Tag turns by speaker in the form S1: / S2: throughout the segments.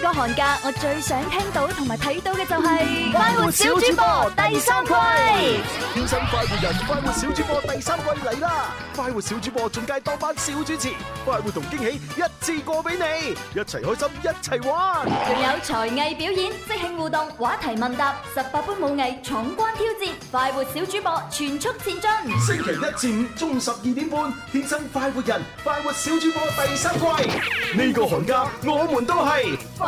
S1: 呢個寒假我最想聽到同埋睇到嘅就係快活小主播第三季，天生快活人快活小主播第三季嚟啦！快活小
S2: 主播進階當班小主持，快活同驚喜一次過俾你，一齊開心一
S1: 齊玩。仲有才藝表演、即興互動、話題問答、十八般武藝、闖關挑戰，快活小主播全速前進。星期一至五中午十二點半，
S2: 天生快活人快活小主播第三季。呢個寒假我哋都係。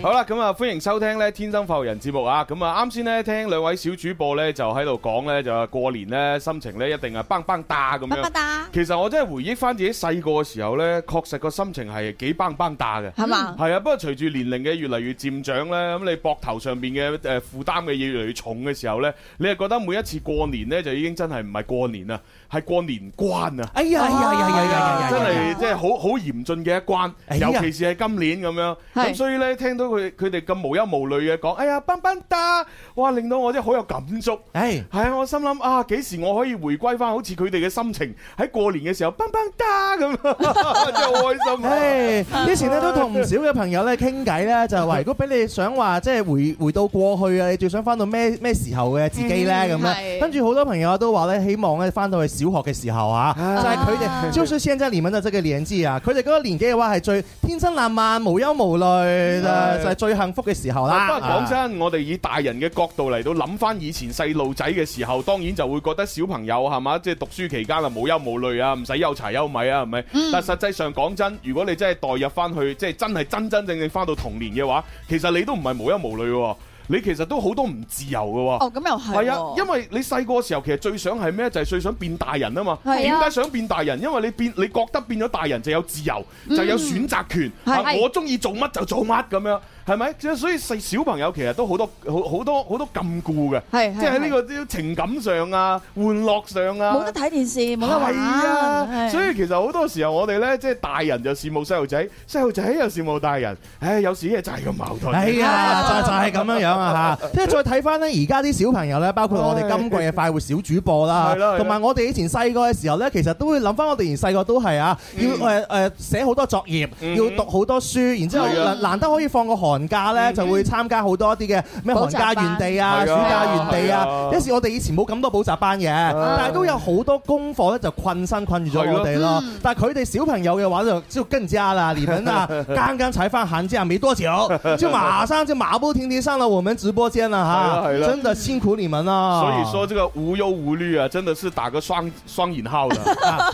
S3: 好啦，咁、嗯、啊，歡迎收聽咧《天生發人》節目啊！咁啊，啱先咧聽兩位小主播咧就喺度講咧，就過年咧心情咧一定係蹦蹦噠咁樣。蹦蹦噠。其實我真係回憶翻自己細個嘅時候咧，確實個心情係幾蹦蹦噠嘅。係嘛？係啊，不過隨住年齡嘅越嚟越漸長咧，咁你膊頭上邊嘅誒負擔嘅嘢越嚟越重嘅時候咧，你係覺得每一次過年咧就已經真係唔係過年啦。係過年關啊！哎
S4: 呀，
S5: 係
S3: 呀，係呀，真係即係好好嚴峻嘅一關，尤其是係今年咁樣。咁所以咧，聽到佢佢哋咁無憂無慮嘅講，哎呀，棒棒噠，哇，令到我真係好有感觸。係係啊，我心諗啊，幾時我可以回歸翻好似佢哋嘅心情，喺過年嘅時候棒棒噠咁，真係好開心。誒，以前咧都同唔少
S5: 嘅朋友咧傾偈咧，就話如果俾你想話，即係回回到過去啊，你最想翻到咩咩時候嘅自己咧？咁樣跟住好多朋友都話咧，希望咧翻到去，小學嘅時候啊，就係佢哋就係現在你哋呢個年紀啊！佢哋嗰個年紀嘅話係最天真爛漫、無憂無慮，是就係最幸福嘅時候啦、啊。不過講
S3: 真，我哋以大人嘅角度嚟到諗翻以前細路仔嘅時候，當然就會覺得小朋友係嘛，即係、就是、讀書期間啊，無憂無慮啊，唔使憂柴憂米啊，係咪？嗯、但係實際上講真，如果你真係代入翻去，即、就、係、是、真係真真正正翻到童年嘅話，其實你都唔係無憂無慮喎、哦。你其實都好多唔自由㗎喎，係、哦、啊，啊，因為你細個嘅時候其實最想係咩？就係、是、最想變大人啊嘛。點解、啊、想變大人？因為你變你覺得變咗大人就有自由，嗯、就有選擇權，啊、我中意做乜就做乜咁樣。係咪？即係所以細小朋友其實都好多、好好多好多，多禁錮嘅，即係喺呢個情感上啊、玩樂上啊，
S6: 冇得睇電視，係啊，啊，所以
S3: 其實好多時候我哋咧，即係大人就羨慕細路仔，細路仔又羨慕大人，唉、哎，有時嘢就係咁矛盾，係啊，
S5: 啊就係咁樣樣
S3: 啊嚇。即係再睇翻呢，而家啲小朋
S5: 友咧，包括我哋今季嘅快活小主播啦，同埋、啊啊啊、我哋以前細個嘅時候咧，其實都會諗翻我哋而細個都係啊，要誒誒寫好多作業，要讀好多書，嗯、然之後難得可以放個寒。寒假咧就會參加好多啲嘅咩寒假園地啊、暑假園地啊。於是、啊，是啊啊是啊是啊、一時我哋以前冇咁多補習班嘅、啊，但係都有好多功課咧，就困身困住咗我哋咯、啊。但係佢哋小朋友嘅話就即係更加啦，你哋啊，啱啱、啊嗯、踩翻痕之後未多久，即係馬上即係馬不停蹄上了我們直播間啦！嚇、啊啊，真的辛苦你們啦。所以，說
S3: 這個無憂無慮啊，真的是打個雙雙引號嘅。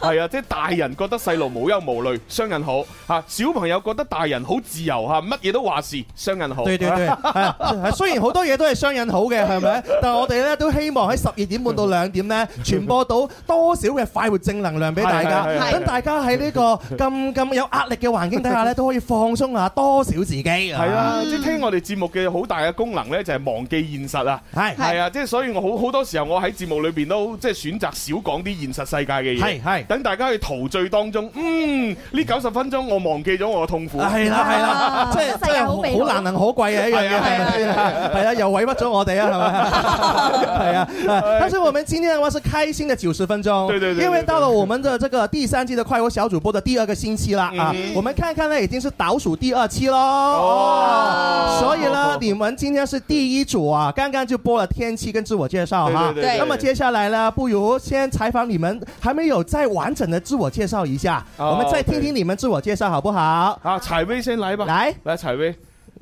S3: 係 啊，即、就、係、是、大人覺得細路無憂無慮，雙引號；嚇；小朋友覺得大人好自由嚇，乜嘢都話事。雙人好，對對對，係、啊、雖然很
S5: 多東西都是好多嘢都係雙人好嘅，係 咪？但係我哋咧都希望喺十二點半到兩點呢傳播到多少嘅快活正能量俾大家，等大家喺呢個咁咁有壓力嘅環境底下呢，都可以放鬆下多少自己。係啊，嗯、即
S3: 係聽我哋節目嘅好大嘅功能呢，就係忘記現實啊。係係啊，即係所以我好好多時候，我喺節目裏邊都即係選擇少講啲現實世界嘅嘢。係等大家去陶醉當中，嗯，呢九十分鐘我忘記咗我嘅痛苦。係啦係啦，
S4: 即係
S5: 好，好。 難能
S3: 可貴啊，係啊，係又委屈咗我哋啊，係咪？係啊，
S5: 但是我們今天嘅話是開心嘅九十分鐘，對對對，對，因為到了我們的這個第三季的快活小主播的第二個星期啦，啊，啊，嗯、我們看看呢，已經是倒數第二期咯、哦，哦、所以呢、哦，你們今天是第一組啊，剛剛就播了天氣跟自我介紹哈，對，那麼接下來呢，不如先採訪你們，還沒有再完整的自我介紹一下，我們再聽聽你們自我介紹好不好？好，采薇先來吧，來來，采薇。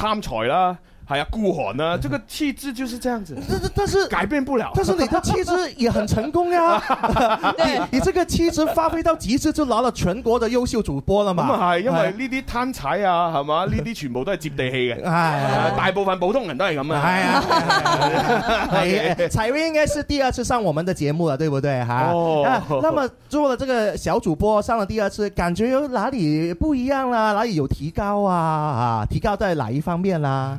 S3: 貪財啦～還、哎、要顧寒呢、啊，這個氣質就是這樣子。
S5: 但是改變不了。但是你的氣質也很成功呀、啊。你 你這個氣質發揮到極致，就拿了全國的優秀主播了嘛。咁係，因為
S3: 呢啲貪財啊，係 嘛？呢啲全部都係接地氣嘅。係、哎。大部分普通人都係咁嘅。係啊。可以。
S5: 採薇應該是第二次上我們的節目了，對不對？哈、啊。哦、啊。那麼做了這個小主播，上了第二次，感覺有哪裏不一樣啦、啊？哪裏有提高啊？啊？提高在哪一方面啦、啊？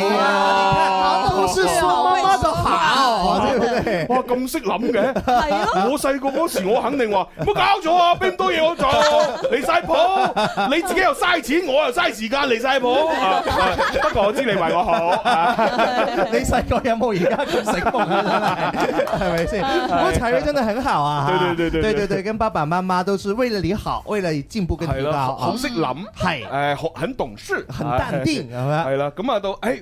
S3: 係啊，懂事，
S6: 媽媽就
S5: 好，
S3: 哇咁識諗嘅，係咯。我細個嗰時我肯定話，乜搞咗，俾咁多嘢我做，離晒譜，你自己又嘥錢，我又嘥時間離晒譜。不過我知你為我好，
S5: 你細個有冇而家咁成功咧？係咪先？咁采薇真的很好啊，對對對對對對對，跟爸爸媽媽都是為了你好，為了進步跟提高，好識諗，
S3: 係，誒，學很懂事，很淡定，係咪？係啦，咁啊到誒。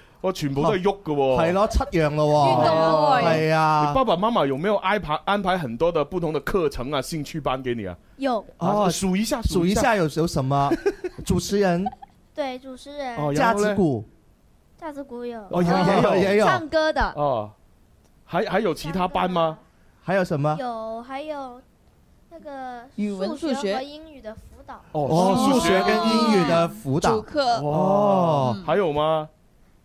S3: 我全部都係喐嘅喎，係咯，七樣咯喎，係啊、 哎。你爸爸媽媽有冇安排安排很多的不同的課程啊？興趣班給你啊？
S6: 有，啊、
S5: 哦，數一下，數一下有有什麼？ 主持人，
S6: 對，主持人，架子鼓，架子鼓有，哦，也有，有、哦，也有，唱歌的，
S3: 哦，還還有其他班嗎？還有什麼？
S6: 有，還有那個語文、數學和英語的輔導，哦，數學跟英語的輔導課，哦，
S3: 還有嗎？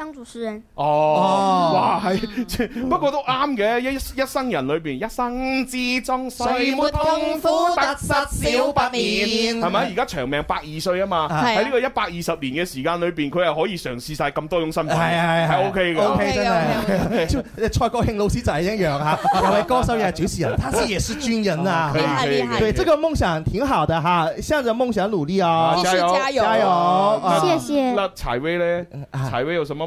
S3: 當主持人哦，哇，係、嗯，不過都啱嘅，一一生人裏邊，一生之中，誰冇
S5: 痛苦得失少不免，係咪？而
S3: 家長命百二歲啊嘛，喺、啊、呢個一百二十年嘅時間裏邊，佢係可以嘗試晒咁多種身份。係係係，OK 嘅，OK
S5: 真係。 蔡國慶老師就係一樣吓、啊，又 係歌手，又係
S3: 主持人，佢係也是軍人啊，係係，對，okay.
S5: 這個夢想挺好的哈、啊，向着夢想努力哦，繼續
S3: 加油加油加油、啊，謝謝。那采薇咧，采薇有什麼？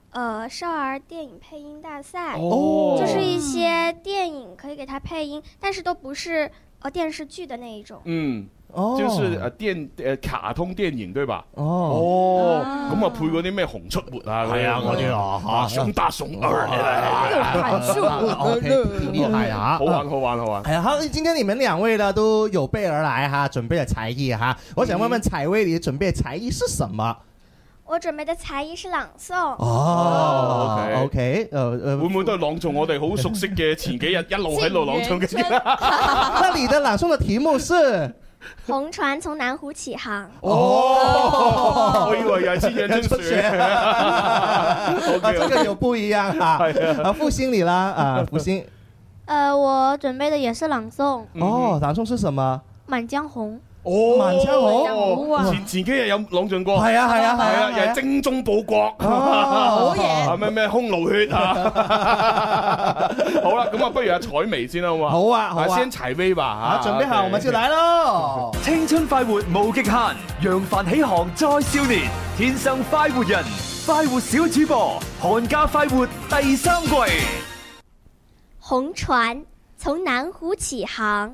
S6: 呃，少兒電影配音大賽，哦、oh, 就是一些電影可以給他配音，但是都不是呃電視劇的那一種。
S3: 嗯，哦、oh,，就是呃電呃卡通電影對吧？哦，哦，咁啊配嗰啲咩《熊出沒》啊，係啊嗰啲啊，熊大熊二，有難度，OK，好，厲害啊，好玩好玩好玩。
S5: 哎呀，好，今天你們兩位呢都有備而來哈，準備了才藝哈，我想問問采薇，你準備才藝是什
S3: 麼？
S6: 我準備的才藝是朗誦。哦、
S3: oh,，OK，呃、okay. uh,，會唔會都係朗誦？我哋好熟悉嘅前幾日一路喺度朗誦嘅。
S6: 那你 的
S5: 朗誦的題目是《
S6: 紅船從南湖起航》oh, oh,。
S5: 哦，我以為係次年春出
S6: OK， 這個
S5: 有不一樣 啊。啊，符興你啦，啊，符興。
S6: 呃、 uh,，我準備的也是朗誦。
S5: 哦、oh,，
S3: 朗誦是什麼？
S6: 《滿江紅》。
S3: 哦，前前幾日有朗俊國，係啊係啊係啊，又係精忠報國，好嘢，咩咩匈奴血啊！好啦，咁啊，不如阿采薇先啦，好啊好啊，先采薇吧吓，準備下我咪超嚟咯！
S7: 青春快活無極限，揚帆起航再少年，天生快活人，快活小主播，寒假快活第三季，
S6: 紅船從南湖起航。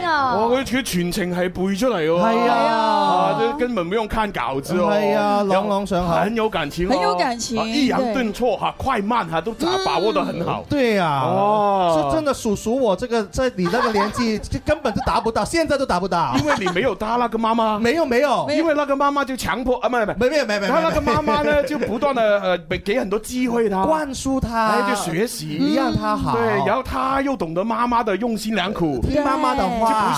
S6: 我
S3: 佢全全程係背出嚟係啊啊，都、啊、根本唔用看稿子咯、哦。係啊朗朗上口，很有感情，很有感情，抑揚頓挫，哈、啊，快慢，哈、啊，都把握得很好。嗯、對
S5: 啊，哦，是真的，叔叔我這個在你那個年紀就根本就達不到，
S3: 現在都達不到，因為你沒有他那個媽媽。 沒有沒有，因為那個媽媽就強迫，啊，沒沒沒沒沒有沒有，然後那個媽媽呢就不斷的、呃、給很多機會，他灌輸他，然後就學習，讓他好。對，然後他又懂得媽媽的用心良苦，聽媽媽的話。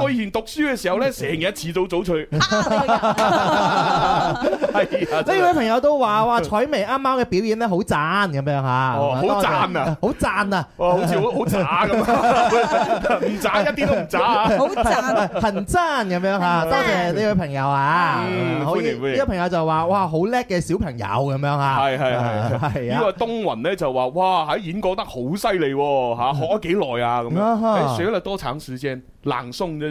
S3: 我以前讀書嘅時候咧，成日遲早早退。呢
S5: 位朋友都話：哇，采薇，啱啱嘅表演咧好讚，咁樣吓，好讚啊，好讚啊，好似好好渣咁，唔渣一啲都唔渣，好讚，很讚咁樣吓。多謝呢位朋友啊，歡迎歡迎。呢位朋友就話：哇，好叻嘅小朋友咁樣吓。係系系係啊！呢個
S3: 東雲咧就話：哇，喺演過得好犀利，吓學咗幾耐啊？咁樣，學咗多長時間朗誦啫？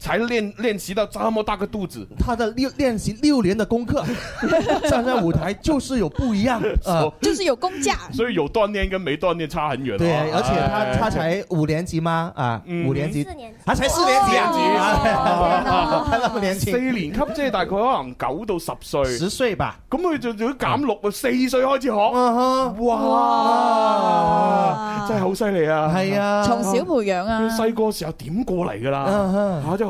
S3: 才練練習到這麼大個肚子，
S5: 他的六練習六年的功課，站 在
S3: 舞台就是有不一樣、 嗯、 就是有功架，所以有鍛煉跟沒鍛煉差很遠、啊、對、啊，而且他他才五年級嗎？啊，五年級四年級，他、啊、才四年級啊，哦、啊啊啊啊啊他級，咁年輕，四年級即係大概可能九到十歲，十歲吧。咁佢就如果減六啊，四歲開始學，uh -huh, 哇,哇,哇，真係好犀利啊！係 啊，從小培養啊，細、啊、個時候點過嚟㗎喇，uh -huh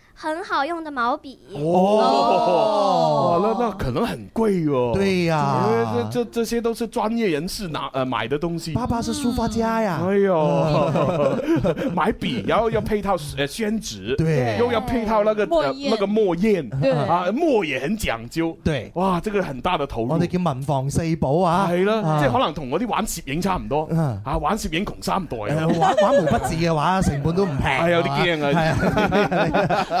S6: 很好用的毛筆哦，
S3: 哦，哦，那那可能很貴喲，哦。對呀、啊，因為這這，這些都是專業人士拿呃買的東西。爸爸是書法家呀、啊嗯，哎呦，嗯、 買筆，然後要配套呃宣紙，對，又要配套那個、呃、那個墨硯，啊，墨也很講究，對。哇，這個很大的投入。我哋叫文房四寶啊，係 咯、啊，即係、啊啊、可能同我啲玩攝影差唔多啊，啊，玩攝影窮三代啊。玩玩毛筆字嘅話，成本都唔平，係有啲驚啊。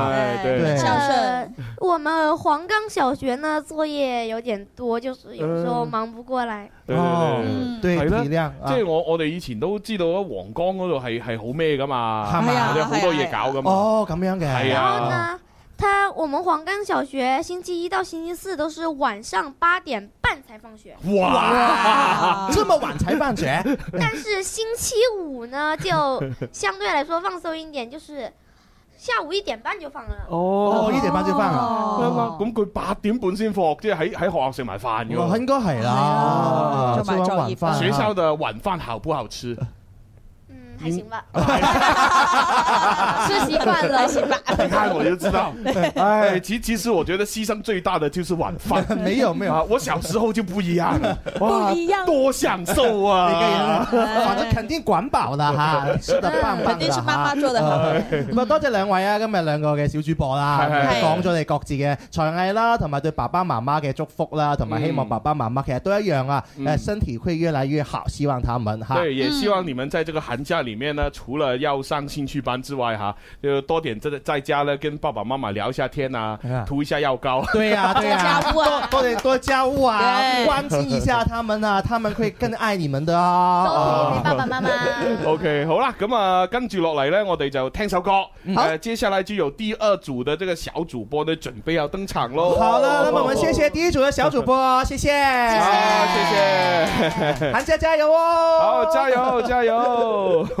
S5: 對對，對，呃，
S6: 我們黃岡小學呢， 作業有點多，就是有時候忙不過來。
S5: 嗯、哦，對啦、嗯啊，即係我
S3: 我哋以前都知道岡啊，黃岡嗰度係係好咩噶嘛，係我哋好多嘢搞噶嘛。哦，咁樣嘅。係啊，啊啊然後呢
S6: 他我們黃岡小學星期一到星期四都是晚上八點半才放學。哇，
S5: 哇 這麼晚才放學？
S6: 但是星期五呢，就相對來說放鬆一點，就是。
S3: 下午一點半就放啦、oh,。哦，一點半就放啊、哦！咁佢八點半先放，即係喺喺學校食埋飯嘅喎、哦。應該係啦。食埋晚飯，學校嘅晚飯,的飯、啊、好不好吃？嗯、還行吧， 吃習慣了還行吧，你 看我就知道。哎、 欸，其其實我覺得犧牲最大的就是晚飯。 沒有沒有啊，我小時候就不一樣， 啊、不一樣，多享受啊！嗯
S5: 嗯、反正肯定管飽的哈， 吃
S6: 的媽媽 做的好哈、嗯
S5: 嗯。多謝兩位啊，今日兩個嘅小主播、啊 嗯、啦，講咗你各自嘅才藝啦，同埋對爸爸媽媽嘅祝福啦，同埋希望爸爸媽媽其實都一樣啊，誒、嗯，身體會越來越好，希望他們哈。對、嗯，也希
S3: 望你們在這個寒假裏。裏面呢，除了要上興趣班之外、啊，哈，就多點這個在家呢，跟爸爸媽媽聊一下天啊，塗一下藥膏，對呀、啊，對、啊、多家務、啊，多 多，多
S5: 點多家務啊，關心一下他們啊， 他們會更愛你們的哦。多陪爸爸媽
S3: 媽。 OK，好啦，咁啊，跟住落嚟呢，我哋就聽首歌。好、嗯呃，接下來就有第二組的這個小主播呢，準備要登場咯。好了，那麼我們謝
S5: 謝第一組的小主播，謝謝， 謝，謝，謝
S3: 謝，寒
S5: 假加油
S4: 哦！好，加油，加油。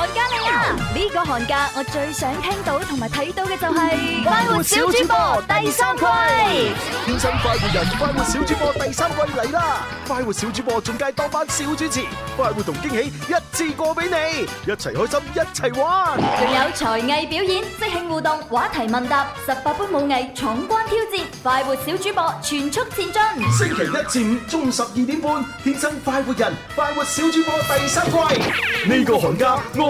S1: 寒假嚟啦！呢個寒假我最想聽到同埋睇到嘅就係快活小主播第三季，天生快活人，快活小主播第三季嚟啦！快活小
S2: 主播進階多班小主持，快活同驚喜一次過俾你，一齊開心一
S1: 齊玩。仲有才藝表演、即興互動、話題問答、十八般武藝、闖關挑戰，快活小主播全速前進。星期一至五中午十二點半，
S2: 天生快活人，快活小主播第三季。呢個寒假我。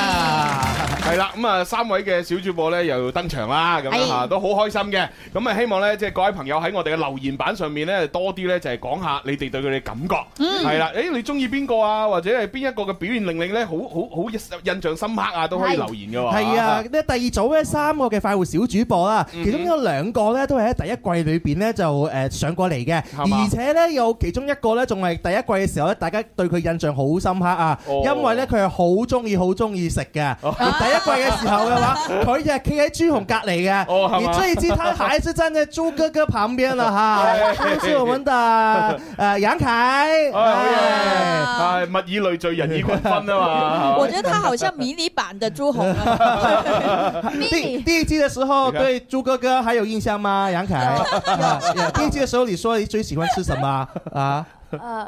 S3: 係啦，咁啊三位嘅小主播咧又登場啦，咁啊都好開心嘅。咁啊希望咧即係各位朋友喺我哋嘅留言板上面咧多啲咧就係講下你哋對佢哋嘅感覺。係啦，誒你中意邊個啊？或者係邊一個嘅表現令令咧好好好印象深刻啊？都可以留言噶喎。係啊，
S5: 咧第二組咧三個嘅快活小主播啦，其中有兩個咧都係喺第一季裏邊咧就誒上過嚟嘅，而且咧有其中一個咧仲係第一季嘅時候咧，大家對佢印象好深刻啊。因為咧佢係好中意好中意食嘅。一季嘅時候嘅話，佢係企喺朱紅隔籬嘅。
S3: 你最近他
S5: 還是站在朱哥哥旁邊啦，哈、 啊。是我們的誒楊凱。
S3: 好係物以類聚，人以群分啊嘛。
S5: 我覺
S6: 得他好像迷你版的朱紅、啊。 迷
S5: 你第第一季的時候，對朱哥哥還有印象嗎？楊凱、 啊。第一季的時候，你說你最喜歡吃什麼啊？ 啊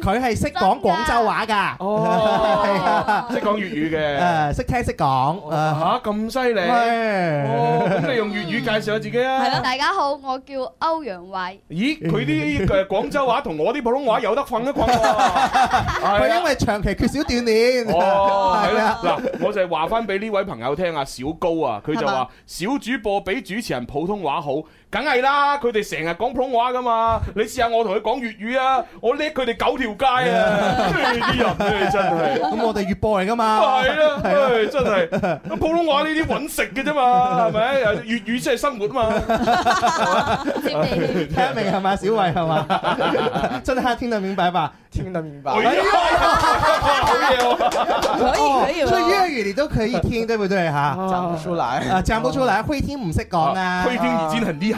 S5: 佢係
S6: 識講廣州話噶，
S5: 識講粵語嘅，誒識聽識講。
S3: 嚇，咁犀利！咁你用粵語介紹下自己啊？係咯，大
S6: 家好，我叫歐陽慧。
S3: 咦，佢啲誒廣州話同我啲普通話有得混一混喎，佢係啊，因
S5: 為長期缺少鍛鍊。哇，係啊，嗱，
S3: 我就係話翻俾呢位朋友聽啊，小高啊，佢就話小主播比主持人普通話好。梗係啦，佢哋成日講普通話噶嘛？你試下我同佢講粵語啊，我叻佢哋九條街啊！啲人咧
S5: 真係，咁我哋粵播嚟噶嘛？係啦，唉，真係咁
S3: 普通話呢啲揾食嘅啫嘛，係咪？粵語先係生活嘛。
S5: 聽明係嘛？小慧係嘛？真係聽得明白吧？聽
S4: 得明白。可以可以，所以粵
S5: 語你都可以聽，對唔對嚇？講唔出嚟啊，講唔出嚟，會聽唔識講啊！會聽已經很厲害。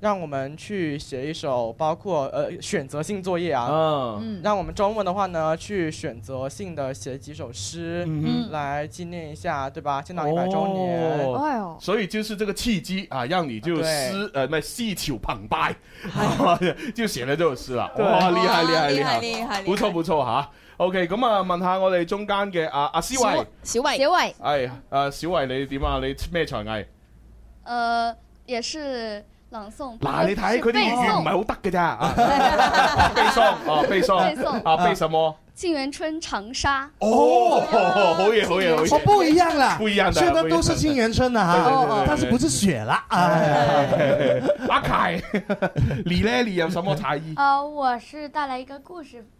S8: 讓我們去寫一首，包括呃選擇性作業啊，嗯，讓我們中文的話呢，去選擇性的寫幾首詩，嗯、來紀念一下，對吧？建黨一百周年，哦哎，
S3: 所以就是這個契機啊，讓你就詩，啊、呃，那思潮澎湃，哎、 就寫了這首詩了、哎哦、哇，厲害厲害厲害厲害，不錯不錯吓，啊，OK，咁啊，問下我哋中間嘅，啊啊小薇，哎
S6: 啊，小薇小薇，
S3: 係，啊小薇你點啊？你咩才藝？
S6: 呃，也是。朗誦，嗱，你睇佢啲粵語唔係
S3: 好得㗎咋。背誦，啊、哦，背誦，啊，背什麼？
S6: 《沁園春·長沙》哦啊。哦，
S3: 好嘢，好嘢，好、哦、嘢！哦不一樣啦，不一樣的，現在都是《沁
S5: 園春》的哈對對對對對，但是不是雪
S3: 了。阿凱，哎、你咧，你有什麼才藝？
S6: 呃，我是帶來一個故事。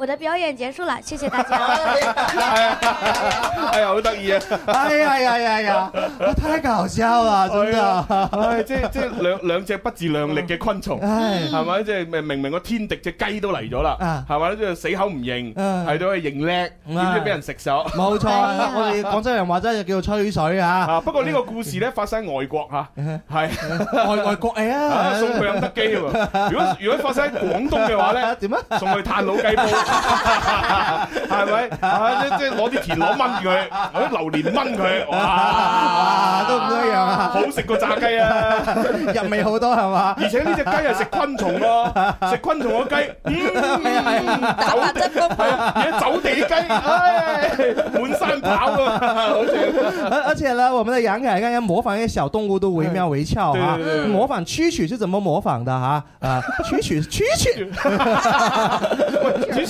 S6: 我
S3: 嘅表演結束啦，謝謝大家。係啊，係啊，好得意啊！哎呀呀呀
S5: 呀，太搞笑啦，真係。即係即係
S3: 兩兩隻不自量力嘅昆蟲，係咪？即係明明個天敵隻雞都嚟咗啦，係咪？即係死口唔認，係都係認叻，點知俾人食咗？冇錯，我哋廣州人話真係叫做吹水啊！不過呢個故事咧發生喺外國吓，係外外國嚟啊！送佢去肯德基喎。如果如果發生喺廣東嘅話咧，點啊？送去嘆老雞煲。係 咪 不是？ 啊，即係攞啲田螺燜佢，攞 啲榴蓮燜佢，哇，都唔一樣，啊，好食過炸雞啊， 入味好多
S4: 係嘛？而且呢隻雞
S3: 係食昆蟲咯，食昆蟲嘅雞，走 酒地雞，唉， 滿、哎、 山跑啊，
S5: 而且呢，我們的揚凱剛剛模仿嘅小動物都惟妙惟肖啊，模仿蛐蛐是怎麼模仿的哈？啊，蛐蛐，蛐 蛐
S3: 曲曲。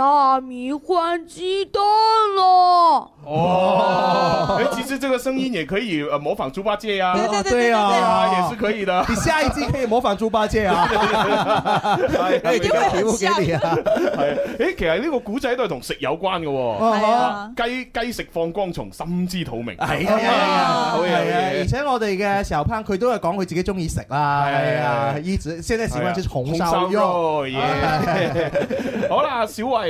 S6: 大米換雞蛋了哦！哎、欸啊啊啊
S3: 啊啊欸，其實這個聲音也可以呃模仿豬八戒呀，對對對啊，也是可以的。你下一季可以模仿豬八戒啊！哈哈哈哈哈！啊！哎，其實呢個古仔都係同食有關的哦。雞雞、啊啊、食放光蟲，心知肚明。哎啊，好呀、啊啊！而
S5: 且我哋嘅石候，烹佢都係講佢自己中意食啦。係啊，一直現在喜歡吃紅燒、啊、肉。對啊對啊對
S3: 啊、好啦、啊，小慧。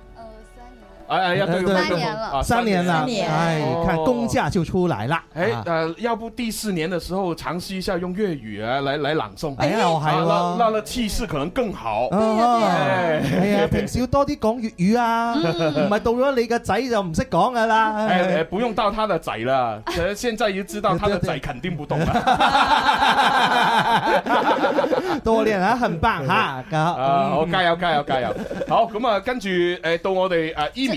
S3: 哎呀，要等三、啊、三年了，三年啦，哎，看工
S5: 價就出來了。哎，呃、
S3: 啊，要不第四年的時候嘗試一下用粵語啊，來來朗誦，哎呀，又係啦，那那氣勢可能更好。對，哎呀，平
S5: 時要多啲講粵語啊，唔、嗯、係到咗你個仔就唔識講噶啦。誒、哎，不
S3: 用到他的仔啦、啊，現在已經知道他的仔肯定不懂了，對對
S5: 對 多年啊，很棒哈好、
S3: 嗯，啊，我加油加油加油。好，咁啊，跟住誒，到我哋啊，伊。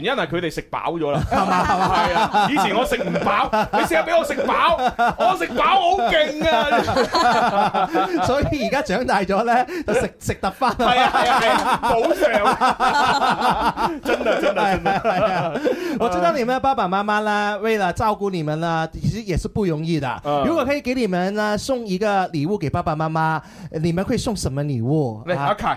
S3: 原因係佢哋食飽咗啦，係啊！以
S5: 前我食唔飽，
S3: 你成日俾我食飽， 我食飽好勁啊！所
S5: 以而家長大咗咧，食食得翻，係啊係啊係啊，補償、啊， 真啊真啊真啊！係啊！我知道你們爸爸媽媽啦，為了照顧你們啦，其實也是不容易的。嗯、如果可以給你們呢送一個禮物給爸爸媽媽，你們會送什麼禮物？喂，阿、啊 okay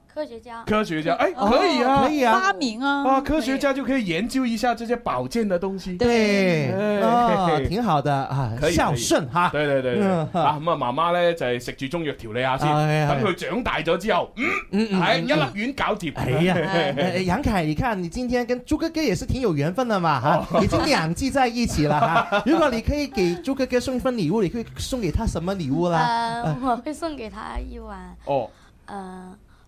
S6: 科
S3: 學家，科學家，哎、欸，可以啊，哦、可以啊，發明啊，啊，科學家就可以研究一下這些保健的東西，對，啊、哎哦，挺好的，可以順順可以可以啊，孝順哈，對對對啊，咁啊，媽媽呢就係食住中藥調理下先，等佢長大咗之後，嗯嗯嗯，係一粒丸搞掂，哎呀，楊
S5: 凱，你看你今天跟豬哥哥也是挺有緣分的嘛，哈，已經兩季在一起了哈，如果你可以給豬哥哥送一份禮物，你可以送給他什麼禮物呢？呃，我
S6: 會送給他一碗哦，嗯。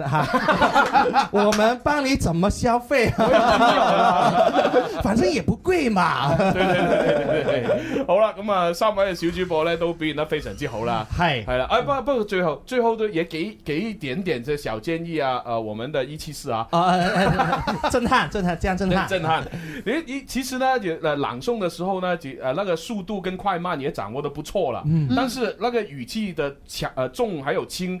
S5: 哈， 我們幫你怎麼消費？ 反正也不貴嘛。 對，對
S3: 對對對對，好啦，咁啊，三位嘅小主播呢，都表演得非常之好啦。係係啦，哎不不過最後最後都也給，給一點點嘅小建議啊，呃，我們的一七四啊，啊，
S5: 震撼震撼，真震撼，震撼。
S3: 誒，其實呢，就朗誦的時候呢，就呃那個速度跟快慢也掌握得不錯了，嗯，但是那個語氣的強、呃重還有輕。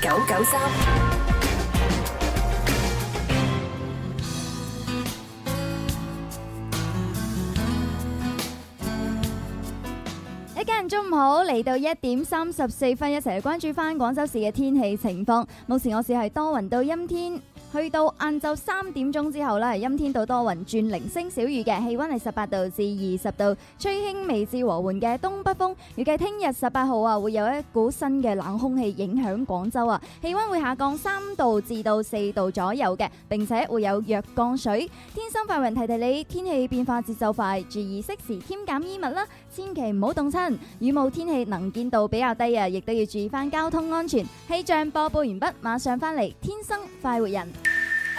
S1: 九九三，一家人中午好，嚟到一點三十四分，一齊嚟關注翻廣州市嘅天氣情況。目前我市係多雲到陰天。去到晏晝三點鐘之後呢，陰天到多雲轉零星小雨嘅，氣溫係十八度至二十度，吹輕微至和緩嘅東北風。預計聽日十八號啊，會有一股新嘅冷空氣影響廣州啊，氣溫會下降三度至到四度左右嘅，並且會有弱降水。天生快活人提提你，天氣變化節奏快，注意適時添減衣物啦，千祈唔好凍親。雨霧天氣能見度比較低啊，亦都要注意翻交通安全。氣象播報完畢，馬上翻嚟天生快活人。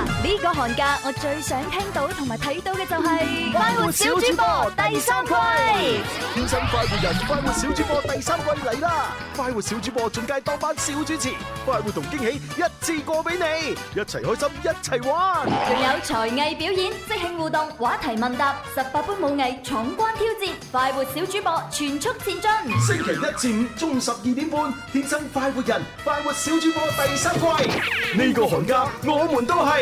S1: 呢個寒假我最想聽到同埋睇到嘅就係快活小主播第三季，天生快活人快活小主播第三
S2: 季嚟啦！快活小主播仲介多班小主持，快活同驚喜一次過俾你，一齊開心一齊玩，仲有
S1: 才藝表演、即興互動、話題問答、十八般武藝、闖關挑戰，快活小主播全速前進。星期一
S2: 至五中午十二點半，天生快活人快活小主播第三季。呢個寒假我們都係。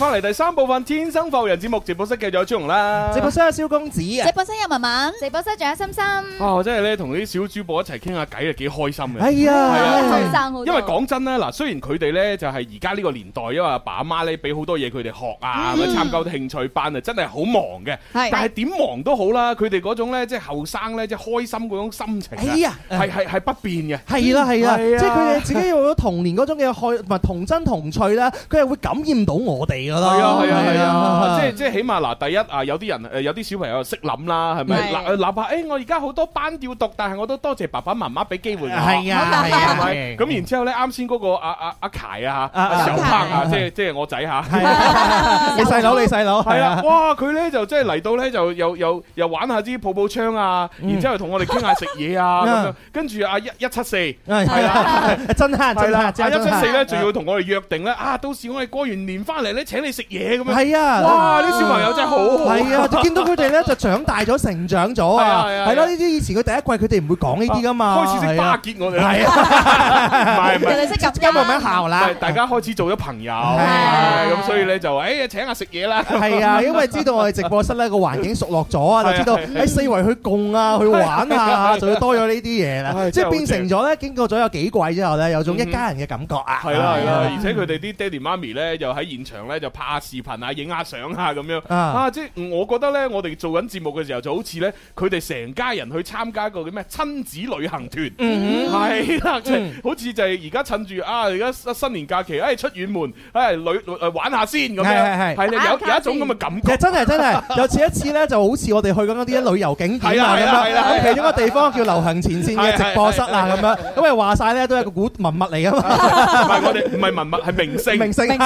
S3: 翻嚟第三部分《天生浮人》節目，直播室繼續有朱紅啦，直播室有蕭公子啊，直播
S1: 室有文文，直播室仲有心心。
S3: 哦、啊，即係咧，同啲小主播一齊傾下偈啊，幾開心嘅。係啊，係啊，好賺好多。因為講真啦，嗱，雖然佢哋咧就係而家呢個年代，因為阿爸阿媽咧俾好多嘢佢哋學啊、嗯，參加啲興趣班啊，真係好忙嘅。但係點忙都好啦，佢哋嗰種咧，即係後生咧，即係開心嗰種心情、哎呀哎、呀啊，係係係不變嘅。係啦係啊。即係佢哋自己
S5: 有咗童年嗰種嘅害， 童真童趣啦，佢係會感染到
S3: 我哋。係啊係啊係啊！即係即係，起碼嗱，第一啊，有啲人誒，有啲小朋友識諗啦，係咪？嗱，哪怕誒，我而家好多班要讀，但係我都多謝爸爸媽媽俾機會。係啊係啊，係咪？咁然之後咧，啱先嗰個阿阿阿凱啊，小亨啊，即係即係我仔嚇，你細佬你細佬，係啊！哇，佢咧就即係嚟到咧，就又又又玩下啲泡泡槍啊，然之後同我哋傾下食嘢啊咁樣，跟住阿一一七四，係啊，真係真係，阿一七四咧仲要同我哋約定咧，啊，到時我哋過完年翻嚟咧請。你食嘢咁樣？係啊！哇！啲小朋友真係好好。係啊！就見到
S5: 佢哋咧，就長大咗、成長咗啊！係咯，呢啲以前佢第一季佢哋唔會講呢啲噶嘛。開始識巴結我哋啦。係
S3: 啊！唔係唔係。識夾音咪姣啦。大家開始做咗朋友，咁所以咧就誒請下食嘢啦。係啊，因
S5: 為知道我哋直播室咧個環境熟落咗啊，就知道喺四圍去共啊、去玩啊，仲要多咗呢啲嘢啦，即係變成咗咧，經過咗有幾季之後咧，有種一家人嘅感覺啊。
S3: 係啦係啦，而且佢哋啲爹哋媽咪咧又喺現場咧就。拍一下視頻啊，影下相啊，啊，啊，咁樣啊，即係我覺得咧，我哋做緊節目嘅時候，就好似咧，佢哋成家人去參加一個叫咩親子旅行團，嗯，係啦，即好似就係而家趁住啊，而家新年假期，誒、哎、出遠門，誒、哎、旅、呃、玩一下先咁樣，係咧有其一種咁嘅感覺，真係真係，
S5: 有似一次咧，就好似我哋去緊嗰啲旅遊景點啊咁樣，係啦係啦其中一個地方叫流行前線嘅直播室啊咁樣，
S3: 咁啊話晒
S5: 咧都係個古文物嚟噶嘛，唔
S3: 係我哋唔係文物係明星，明星，明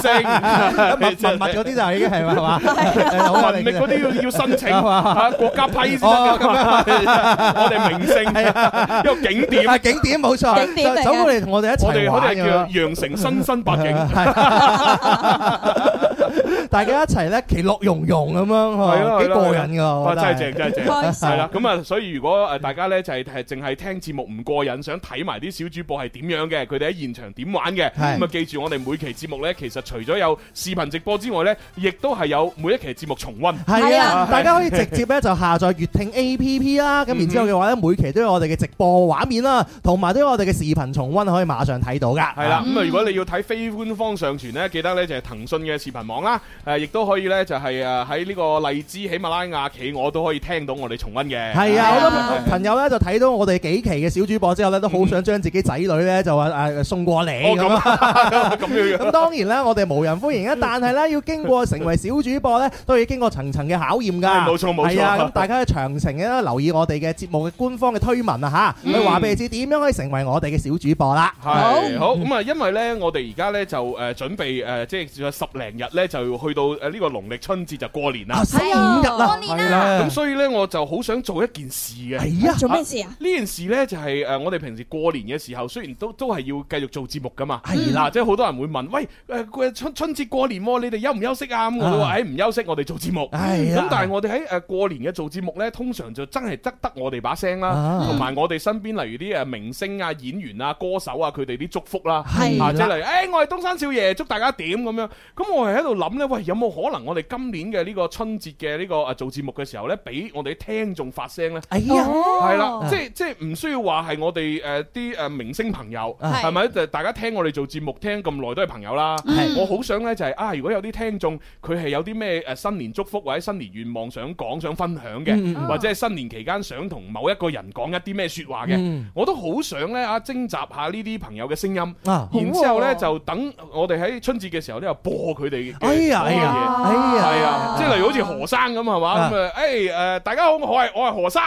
S3: 星。咁 文物嗰啲就已經係嘛，文物嗰啲要要申請國家批先嘅。我哋名勝 個景點，係 景點冇錯。景點 走過嚟同我哋一齊玩，我哋嗰啲叫羊城新新八景。
S5: 大家一齊咧其樂融融咁樣，幾、嗯、過癮㗎！真係正，真
S3: 係正。係 啦，咁啊，所以如果誒大家咧就係係淨係聽節目唔過癮，想睇埋啲小主播係點樣嘅，佢哋喺現場點玩嘅，咁啊記住我哋每期節目咧，其實除咗有視頻直播之外咧，亦都係有每一期節目重温。係啊，啊，大家可以直接
S5: 咧就下載粵聽 A P P 啦，咁然之後嘅話咧，每期都有我哋嘅直播畫面啦，同埋都有我哋嘅視頻重温可以馬上睇到㗎。係啦，咁、嗯、啊如果
S3: 你要睇非官方上傳咧，記得咧就係、是、騰訊嘅視頻網啦。誒、啊，亦都可以咧，就係誒喺呢個荔枝、喜馬拉雅、企鵝都可以聽到我哋重温嘅。係啊，好多
S5: 朋友咧就睇到我哋幾期嘅小主播之後咧、嗯，都好想將自己仔女咧就話誒送過嚟咁啊。咁、哦、 當然咧，我哋無人歡迎啊， 但係咧要經過成為小主播咧， 都要經過層層嘅考驗㗎。冇錯冇錯。係啊，咁、嗯、大家長程咧留意我哋嘅節目嘅官方嘅推文啊吓，佢話俾你知點樣可以成為我哋嘅小主播啦。好。嗯、好
S3: 咁啊，因為咧我哋而家咧就誒準備誒，即係仲有十零日咧就要去。到誒呢個農曆春節就過年啦，係五日啦，咁、嗯、所以呢，我就好想做一件事嘅、哎。啊，做咩事啊？呢件事呢，就係、是、我哋平時過年嘅時候，雖然都都係要繼續做節目噶嘛。係啦，即係好多人會問，喂，春春節過年喎，你哋休唔休息啊？啊我哋話，唔、哎、休息，我哋做節目。咁、嗯、但係我哋喺誒過年嘅做節目呢，通常就真係得得我哋把聲啦，同、啊、埋、啊、我哋身邊例如啲明星啊、演員啊、歌手啊，佢哋啲祝福啦、啊，啦，即係嚟我係東山少爺，祝大家點咁樣。咁我係喺度諗呢，喂。有冇可能我哋今年嘅呢個春節嘅呢個做節目嘅時候呢，俾我哋啲聽眾發聲呢？係、哎哦、啦，啊、即係即係唔需要話係我哋誒啲誒明星朋友係咪？就大家聽我哋做節目聽咁耐都係朋友啦。我好想呢、就係，就係啊，如果有啲聽眾佢係有啲咩誒新年祝福或者新年願望想講想分享嘅、嗯，或者係新年期間想同某一個人講一啲咩說話嘅、嗯，我都好想呢，啊徵集下呢啲朋友嘅聲音，啊、然之後呢、啊、就等我哋喺春節嘅時候呢，就播佢哋。哎呀啊，係啊，即係例如好似何生咁係嘛，咁啊，誒，誒，大家好，我係我係何生，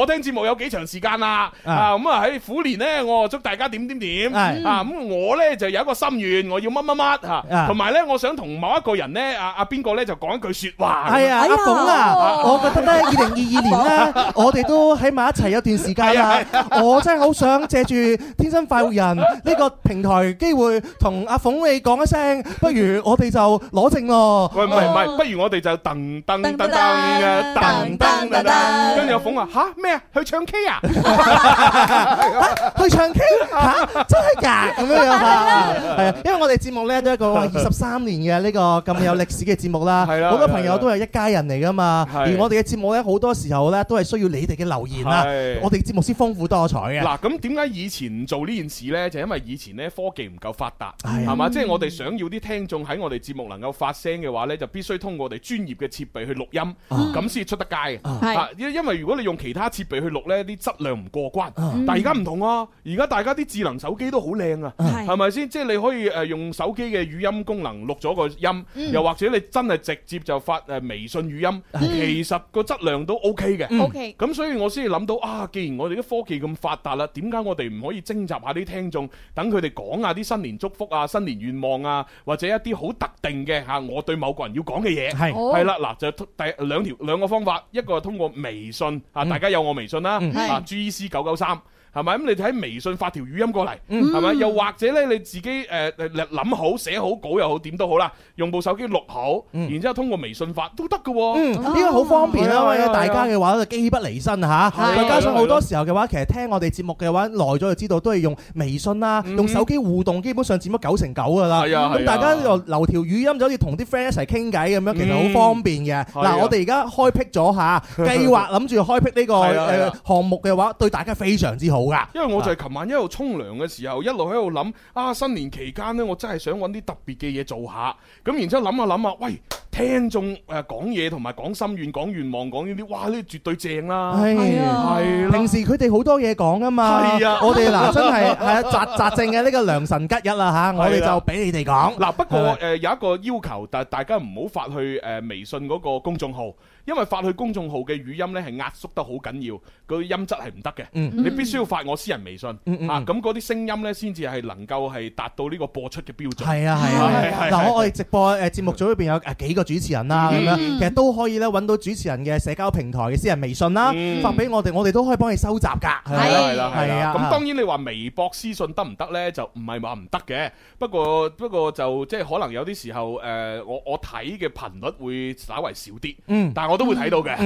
S3: 我聽節目有幾長時間啦？啊，咁啊喺虎年咧，我祝大家點點點啊，咁我咧就有一個心願，我要乜乜乜吓，同埋咧，我想同某一個人咧，阿阿邊個咧就講一句說話。係啊，阿馮啊，我覺得咧，二零二二年咧，
S5: 我哋都喺埋一齊有段時間啦，我真係好想借住《天生快活人》呢個平台機會，同阿馮你講一聲，不如我哋就攞只。喂，唔係唔係，
S3: 不如我哋就噔噔噔噔跟住阿馮話吓咩啊？去唱 K 啊？
S5: 去唱 K 吓？
S4: 真係噶？
S5: 咁樣啊？係啊， 啊 因為我哋節目咧都係一個二十三年嘅呢、這個咁有歷史嘅節目 啦，係好多朋友都係一家人嚟噶嘛，而我哋嘅節目咧好多時候咧都係需要你哋嘅留言啦，我哋節目先豐富多彩嘅。嗱，
S3: 咁點解以前唔做呢件事咧？就因為以前咧科技唔夠發達，係嘛，即、嗯、係、就是、我哋想要啲聽眾喺我哋節目能夠發。聲嘅話呢，就必須通過我哋專業嘅設備去錄音，咁、嗯、先至出得街嘅、嗯啊。因為如果你用其他設備去錄呢，啲質量唔過關。嗯、但而家唔同啊，而家大家啲智能手機都好靚啊，係咪先？即係你可以誒用手機嘅語音功能錄咗個音、嗯，又或者你真係直接就發誒微信語音，嗯、其實個質量都 O K 嘅。O K，咁所以我先至諗到啊，既然我哋啲科技咁發達啦，點解我哋唔可以徵集下啲聽眾，等佢哋講下啲新年祝福啊、新年願望啊，或者一啲好特定嘅吓？啊、我對某個人要講嘅嘢係係啦，嗱、啊、就第兩條兩個方法，一個係通過微信啊、嗯，大家有我微信啦、嗯，啊 G C 九九三。係咪？咁你就喺微信發條語音過嚟，係、嗯、咪？又或者咧你自己誒諗、呃、好寫好稿又好點都好啦，用部手機錄好，嗯、然之後通過微信發都得噶。嗯、呢、啊這個好方便啦、啊啊，大家嘅
S5: 話都機、啊、不離身吓，加、啊啊、上好多時候嘅話，其實聽我哋節目嘅話耐咗就知道都係用微信啦，用手機互動、嗯、基本上佔咗九成九噶啦。咁、啊啊、大家又留條語音就好似同啲 friend 一齊傾偈咁樣，其實好方便嘅。嗱、啊啊，我哋而家開闢咗下計劃諗住開闢呢個誒項目嘅話、啊啊，對大家非常之好。因為我就係琴
S3: 晚一路沖涼嘅時候，一路喺度諗，啊新年期間呢，我真係想揾啲特別嘅嘢做下，咁然之後諗下諗下，喂。聽眾誒講嘢同埋講心願講願望講呢啲，哇呢啲絕對正啦！係
S5: 啊，平時佢哋好多嘢講啊嘛。係啊，我哋嗱真係係啊，擲擲正嘅呢個良辰吉日啦嚇，我哋就俾你哋講。
S3: 嗱，不過誒有一個要求，但係大家唔好發去誒微信嗰個公眾號，因為發去公眾號嘅語音咧係壓縮得好緊要，個音質係唔得嘅。嗯，你必須要發我私人微信。嗯嗯，啊咁嗰啲聲音咧先至係能夠係達到呢個播出嘅標準。係啊係啊，嗱我我哋
S5: 直播誒節目組裏邊有誒幾個。主持人啦，咁樣，其實都可以咧揾到主持人嘅社交平台嘅私人微信啦，發俾我哋，我哋都可以幫你收集㗎。係啦，係啦，係啦。咁當
S3: 然你話微博私信得唔得咧？就唔係話唔得嘅。不過不過就即係可能有啲時候誒，我我睇嘅頻率會稍為少啲。嗯，但係我都會睇到嘅。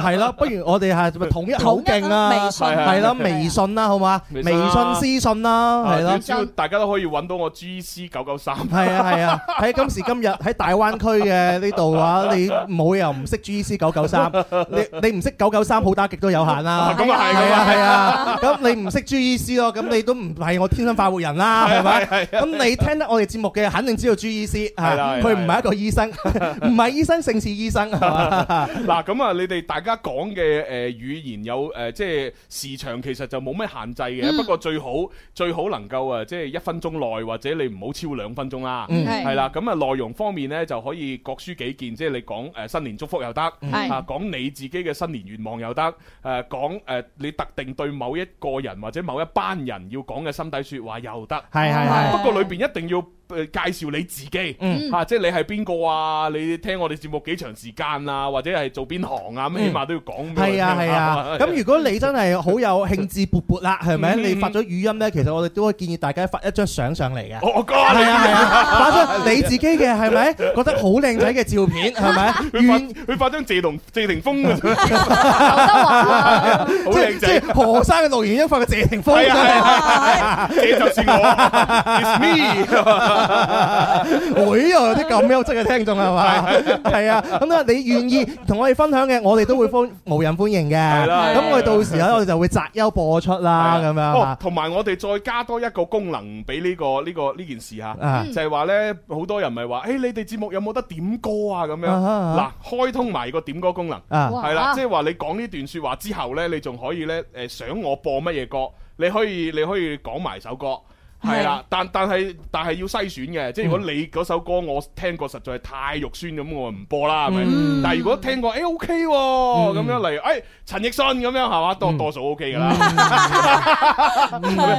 S3: 係咯，
S5: 不如我哋係統一統一，口徑啊！微信係啦，微信啦，好嘛？微信私信啦，係咯。
S3: 大家都可以揾到我 GC 九九三。係啊係啊，喺
S5: 今時今日喺大灣區嘅。誒呢度話，你冇又唔識朱醫師九九三，你你唔識九九三，好打極都有限啦。咁啊係啊。咁、 啊啊啊啊、 你唔識朱醫師咯，咁你都唔係我天生快活人啦，係咪？咁你聽得我哋節目嘅，肯定知道朱醫師，係啦。佢唔係一個醫生，唔係 醫生，勝似醫生。
S3: 嗱，咁啊，你哋大家講嘅、呃、語言有誒、呃，即係時長其實就冇咩限制嘅、嗯，不過最好最好能夠啊，即係一分鐘內，或者你唔好超過兩分鐘啦。嗯，係。係啦，咁啊、呃，內容方面咧就可以。各抒己見，即係你講誒新年祝福又得，嗯、啊講你自己嘅新年願望又得，誒、啊、講、啊、你特定對某一個人或者某一班人要講嘅心底説話又得，係係係係係係係，不過裏面一定要。誒介紹你自己，嚇，即係你係邊個啊？你聽我哋節目幾長時間啊？或者係做邊行啊？咩起碼都要講。係啊係啊，咁如
S5: 果你真係好有興致勃勃啦，係咪？你發咗語音咧，其實我哋都會建議大家發一張相上嚟嘅。我哥係啊，發張你自己嘅係咪？覺得好靚仔嘅照片係咪？
S3: 佢發佢發張謝霆謝霆鋒嘅。劉德華啊，好靚仔，何生嘅錄音發個謝霆鋒出嚟，這就是我，is
S5: me。會、 哎、 啊，有啲咁優質嘅聽眾係嘛，係啊，咁啊，你願意同我哋分享嘅，我哋都會歡，無人歡迎嘅。係啦，咁 我哋到時咧，我哋就會擇優播出啦，咁樣。同
S3: 埋、哦、我哋再加多一個功能俾呢、這個呢、這個呢、這個、件事吓、嗯，就係、是、話呢，好多人咪話，誒、欸，你哋節目有冇得點歌啊？咁樣，嗱， 開通埋個點歌功能，係啦，即係話你講呢段說話之後呢，你仲可以呢，誒，想我播乜嘢歌，你可以，你可以講埋首歌。係啦、啊，但但係但係要篩選嘅，即係如果你嗰首歌我聽過實在係太肉酸咁，我唔播啦，係咪、嗯？但係如果聽過誒、欸、OK 咁、哦嗯、樣嚟，誒、欸、陳奕迅咁樣係嘛，多、嗯、多數 OK 噶啦。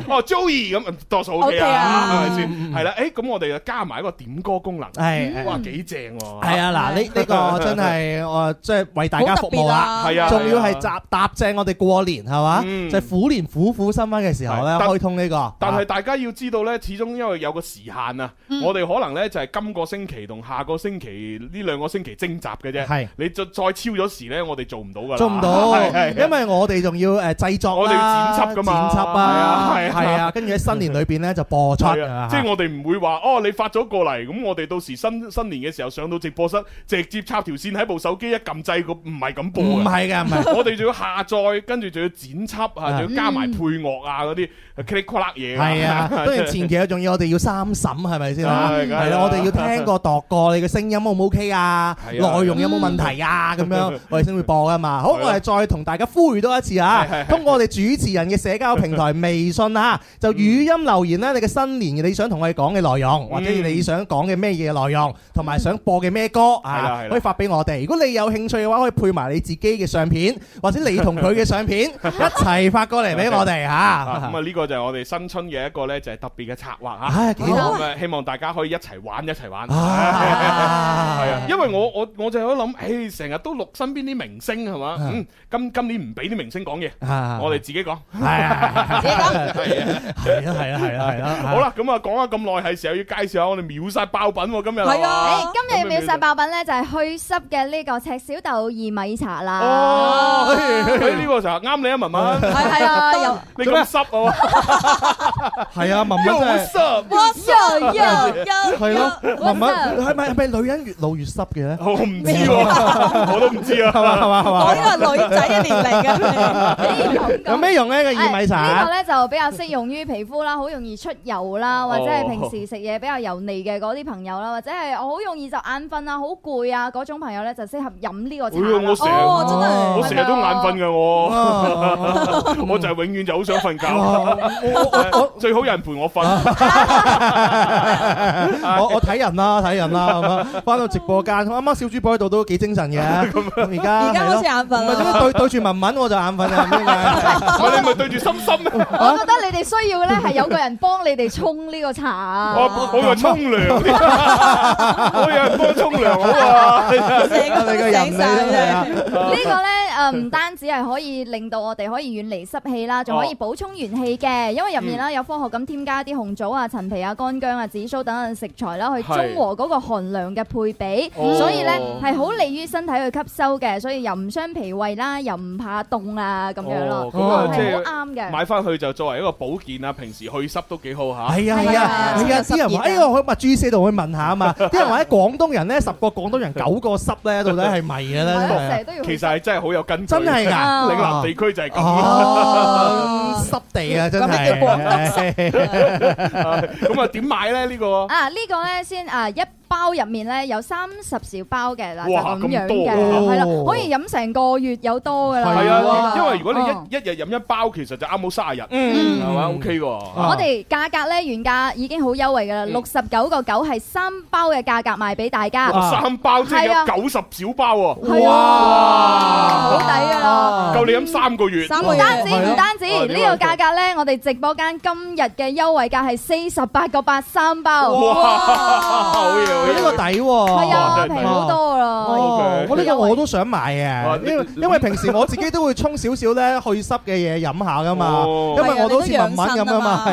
S3: 哦 Joey 咁多數 OK 啊，係咪先？係啦、啊，誒咁、啊、我哋就加埋一個點歌功能，係哇幾正喎。係啊，嗱呢呢個真係、
S5: 啊、我即係為大家服務啦。係啊，仲、啊、要係搭搭正我哋過年係嘛、啊啊啊啊，就係虎年虎虎生威嘅時候咧、啊、開通呢、這個。但係
S3: 大家要知道呢，始終因為有個時限啊，嗯、我哋可能呢就係今個星期同下個星期呢兩個星期徵集嘅啫。係，你再超咗時呢，我哋做唔到噶做唔到，是是是是因為
S5: 我哋仲要製作，我哋要剪輯噶嘛。剪輯啊，係啊，跟住喺新年裏邊呢就播出是是是是是、啊、即
S3: 係我哋唔會話哦，你發咗過嚟，咁我哋到時新新年嘅時候上到直播室，直接插條線喺部手機一撳掣，唔係咁播，唔係㗎，唔係。我哋仲要下載，跟住仲要剪輯啊，仲要加埋配樂啊嗰啲，嘰里呱啦嘢。係啊。當然前期
S5: 有重要，我哋要三審係咪先啊？係啦，我哋要聽過、度過你嘅聲音 O 唔 OK 啊？內容有冇問題啊？咁樣，我哋先會播㗎嘛。好，我哋再同大家呼籲多一次啊！通過我哋主持人嘅社交平台微信啊，就語音留言咧，你嘅新年嘅你想同我哋講嘅內容，或者你想講嘅咩嘢內容，同埋想播嘅咩歌啊，可以發俾我哋。如果你有興趣嘅話，可以配埋你自己嘅相片，或者你同佢嘅相片一齊發過嚟俾我哋嚇。咁啊，
S3: 呢個就係我哋新春嘅一個咧。特別嘅策劃吓、啊啊，希望大家可以一齊玩，一齊玩。係啊， 啊，啊，因為我我我就喺度諗，誒、哎，成日都錄身邊啲明星係嘛、啊，嗯，今今年唔俾啲明星講嘢、啊，我哋自己講，係啊，自己講，係啊，係啊係啦，係啦、啊啊啊啊啊啊。好啦，咁啊，講咗咁耐，係時候要介紹下我哋秒殺爆品喎、啊，今日係啊，今日秒殺
S1: 爆品咧就係祛濕嘅呢個赤小豆薏米茶啦。哦、啊，呢、啊
S3: 啊啊這個時候，啱你慢慢啊，文文，係啊，你咁濕啊，係啊。阿文文濕濕
S2: 濕濕濕，係、啊欸、咯，文文
S4: 係
S5: 咪係咪女人越老越濕嘅咧？我唔知喎、啊，我都唔知啊，係嘛係嘛？我呢個女仔嘅年齡嘅。有咩用咧？欸，這個薏米茶呢個咧
S1: 就比較適用於皮膚啦，好、這個、容易出油啦，或者係平時食嘢比較油膩嘅嗰啲朋友啦，或者係我好容易就眼瞓啊、好攰啊嗰種朋友咧，就適合飲呢個茶、哎、哦，真係、哦、我
S3: 成日都眼瞓㗎，我我就係永遠就好想瞓覺。我我我最好人陪 我瞓，我我睇人啦，睇人啦
S5: 係嘛？翻到直播間，啱啱小主播喺度都幾精神嘅，咁而家而家開始
S1: 眼瞓啦。對對
S5: 住文文我就眼瞓啊，
S1: 我哋咪係對住心心。啊、 我覺得你哋需要咧係有個人幫你哋沖呢個茶這 啊，我我我沖涼，我有人幫沖涼好啊，成晒你個人嘅呢個咧。唔單止係可以令到我哋可以遠離濕氣啦，仲可以補充元氣嘅，因為入面咧有科學咁添加啲紅棗啊、陳皮啊、乾薑啊、紫蘇等等食材啦，去中和嗰個寒涼嘅配比，所以咧係好利於身體去吸收嘅，所以又唔傷脾胃啦，又唔怕凍啊咁樣咯。咁啊，即係啱嘅。買
S3: 翻去就作為一個保健啊，平時去濕都幾好吓。係啊係啊係啊！啲人
S5: 話，哎呀，我問朱師弟，我問下啊嘛。啲人話，喺廣東人咧，十個廣東人九個濕咧，到底係咪嘅咧？
S3: 其實係真係好有。真係噶，嶺南地區就係咁，濕地啊，真係咁啊！點買咧？呢個
S1: 啊，呢個咧先啊，一包入面咧有三十小包嘅，咁樣嘅係咯，可以飲成個月有多噶啦。係啊，因為如果你一
S3: 一日飲一包，其實就啱好卅日，係嘛？OK 嘅。我哋
S1: 價格咧原價已經好優惠噶啦，六十九個九係三包嘅價格賣俾大家。三包即係有
S3: 九十小包喎。好抵噶咯！夠你飲三個月，唔、哦、單止唔單止呢個價格
S1: 咧，我哋直播間今日嘅優惠價係四十八個八三包，
S3: 哇！呢、這個
S5: 抵喎，係又平好多咯，okay 哦！我呢個我都想買嘅，因為因為平時我自己都會沖少少咧去濕嘅嘢飲下噶嘛、哦，因為我都好似文敏咁啊嘛，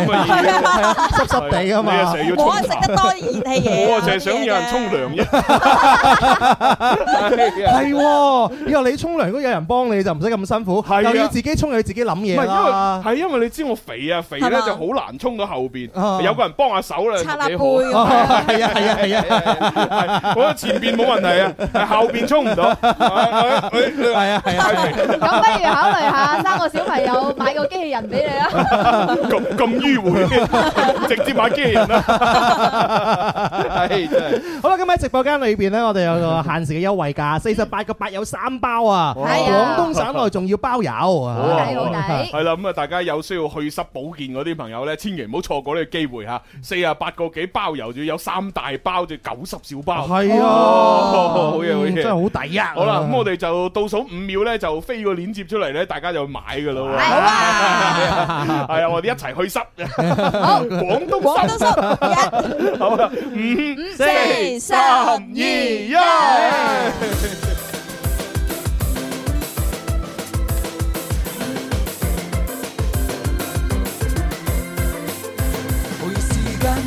S5: 濕濕地啊嘛，我食得多熱氣嘢，我、哦、啊！就係想有人沖涼啫，係喎！以後你沖涼嗰日。有人幫你就唔使咁辛苦，又要自己衝又自己諗嘢啦。因
S3: 為，因為你知我肥啊，肥咧就好難衝到後邊。有個人幫下手啦，擦下背，哈哈哈哈。係啊係啊係啊，我前邊冇問題啊，後邊衝唔到。係啊係啊，咁不如考
S1: 慮下生 個小朋友買個機器人俾你啊。咁
S3: 迂迴，直接買機器人啦
S1: 好啦，
S5: 咁喺直播間裏邊咧，我哋有個限時嘅優惠價，四十八個八有三包啊。廣、啊、東省內仲要包郵啊！係
S3: 啦、啊，咁啊，啊，啊，啊，大家有需要祛濕保健嗰啲朋友咧，千祈唔好錯過呢個機會吓，四啊八個幾包郵，仲要有三大包，仲九十小包，係啊、哦、啊，好嘢、啊嗯，好、啊、真係好抵啊！好啦、啊，咁、啊、我哋就倒數五秒咧，就飛個鏈接出嚟咧，大家就買噶啦、啊啊 啊！ 好啊，係啊，我哋一齊去濕，
S4: 好，廣東，廣東
S3: 濕，
S4: 好
S9: 啦，五四三二一。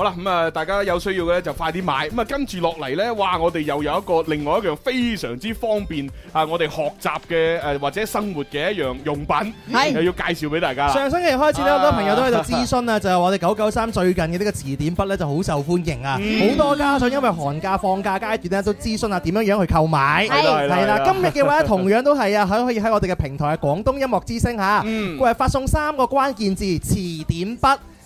S3: 好啦，咁、嗯、啊，大家有需要嘅咧，就快啲買。咁、嗯、啊，跟住落嚟呢，哇！我哋又有一個另外一樣非常之方便啊，我哋學習嘅誒或者生活嘅一樣用品，係又要介紹俾大家。上星期開始呢，好、啊、多朋友都喺度諮
S5: 詢啊，就係我哋九九三最近嘅呢個詞典筆呢就好受歡迎啊，好、嗯、多家長因為寒假放假階段呢， 都諮詢下點樣樣去購買。係啦，今日嘅話同樣都係啊，可以喺我哋嘅平台嘅廣東音樂之聲吓，佢、嗯、係發送三個關鍵字詞典筆。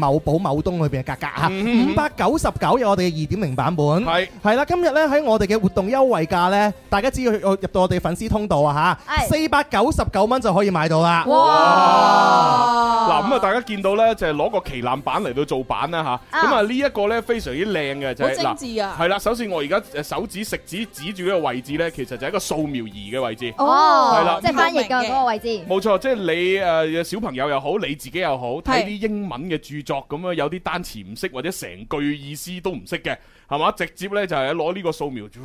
S5: 某寶某東裏邊嘅價格啊，五百九十九有我哋嘅二點零版本，係係啦，今日咧喺我哋嘅活動優惠價咧，大家只要入到我哋粉絲通道啊嚇，四百九十九蚊就可以買到啦。
S3: 哇！嗱咁啊，大家見到咧就係攞個旗艦版嚟到做版啊嚇，咁啊呢一個咧非常之靚嘅就係精緻啊係啦，首先我而家手指食指指住呢個位置咧，其實就係一個掃描儀嘅位置，哦係啦，即係翻
S1: 譯嘅嗰個位置，
S3: 冇錯，即係你誒小朋友又好，你自己又好，睇啲英文嘅注。作咁樣，有啲單詞唔識或者成句意思都唔識嘅，係嘛？直接咧就係攞呢個掃描咁、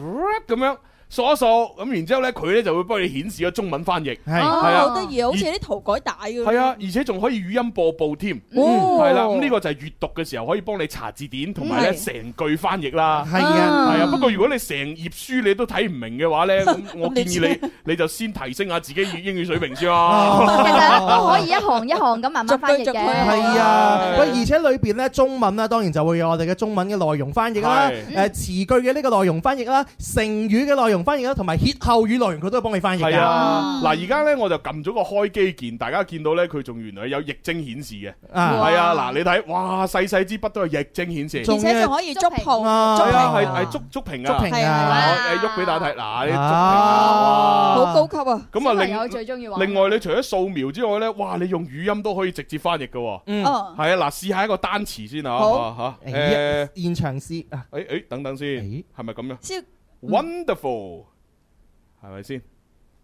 S3: 呃、樣。掃一掃咁，然之後咧，佢咧就會幫你顯示咗中文翻譯，係、哦、啊，好得意，
S10: 好似啲塗改帶咁。係啊，而
S3: 且仲可以語音播報添。哦，係啦、啊，咁、這、呢個就係閱讀嘅時候可以幫你查字典，同埋咧成句翻譯啦。係、嗯、啊，係啊，啊、嗯。不過如果你成頁書你都睇唔明嘅話咧，咁我建議你你就先提升下自己英英語水平先咯、啊。哦、 其實
S1: 都可以一行一行咁慢慢翻譯嘅。係啊。喂、啊啊，而且裏邊咧中文啦，
S5: 當然就會有我哋嘅中文嘅內容翻譯啦，誒、嗯、詞句嘅呢個內容翻譯啦，成語嘅
S3: 內容、嗯。同翻譯啦，同埋歇後語內容，佢都
S5: 係幫你翻譯。係啊，
S3: 嗱、嗯，而家咧我就撳咗個開機鍵，大家見到咧，佢仲原來有液晶顯示嘅。係啊，嗱，你睇，哇，細細支筆都係液晶顯示。而且
S6: 仲可以觸碰啊，
S3: 係係觸觸屏啊觸屏係啊。喐俾大家睇，嗱，觸屏啊，啊，啊，好啊啊高級啊。咁
S6: 啊，另外最中意玩。另外，
S3: 另外你除咗掃描之外咧，哇，你用語音都可以直接翻譯噶。嗯，係啊，嗱，試下一個單詞先好啊，吓、欸，現場試啊，誒、欸、誒，等等先，係咪咁樣？Wonderful，係咪先？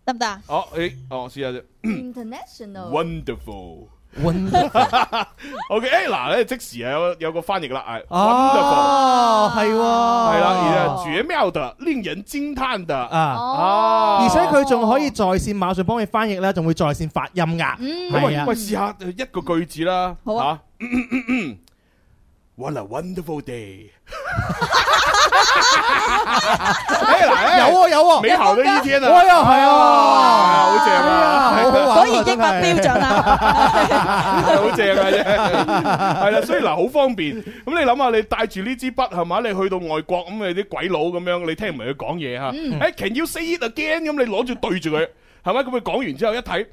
S1: 得唔得？
S3: 哦，誒、哎，哦，試下啫。
S1: International。
S3: Wonderful。Wonderful O.K.，誒， 嗱咧即時有有個翻譯啦，誒。哦，係喎。係、哦、啦、啊，而係絕妙的，令人驚嘆的啊。哦。而且
S5: 佢仲可以在綫馬上幫你翻譯咧，仲會在綫發音噶。
S3: 嗯。係、嗯、啊。試、嗯、下一個句子啦。好啊，啊咳咳咳咳。What a wonderful day！ 哎嗱，有啊有啊，美好嘅一天啊，係啊係啊，好正啊，所以已經發標準啊，好正啊啫，係啦，所以嗱好方便，咁你諗下，你帶住呢支筆係嘛，你去到外國咁，你啲鬼佬咁樣，你聽唔明佢講嘢吓，哎，can you say it again？咁你攞住對住佢，係咪，咁佢講完之後一睇。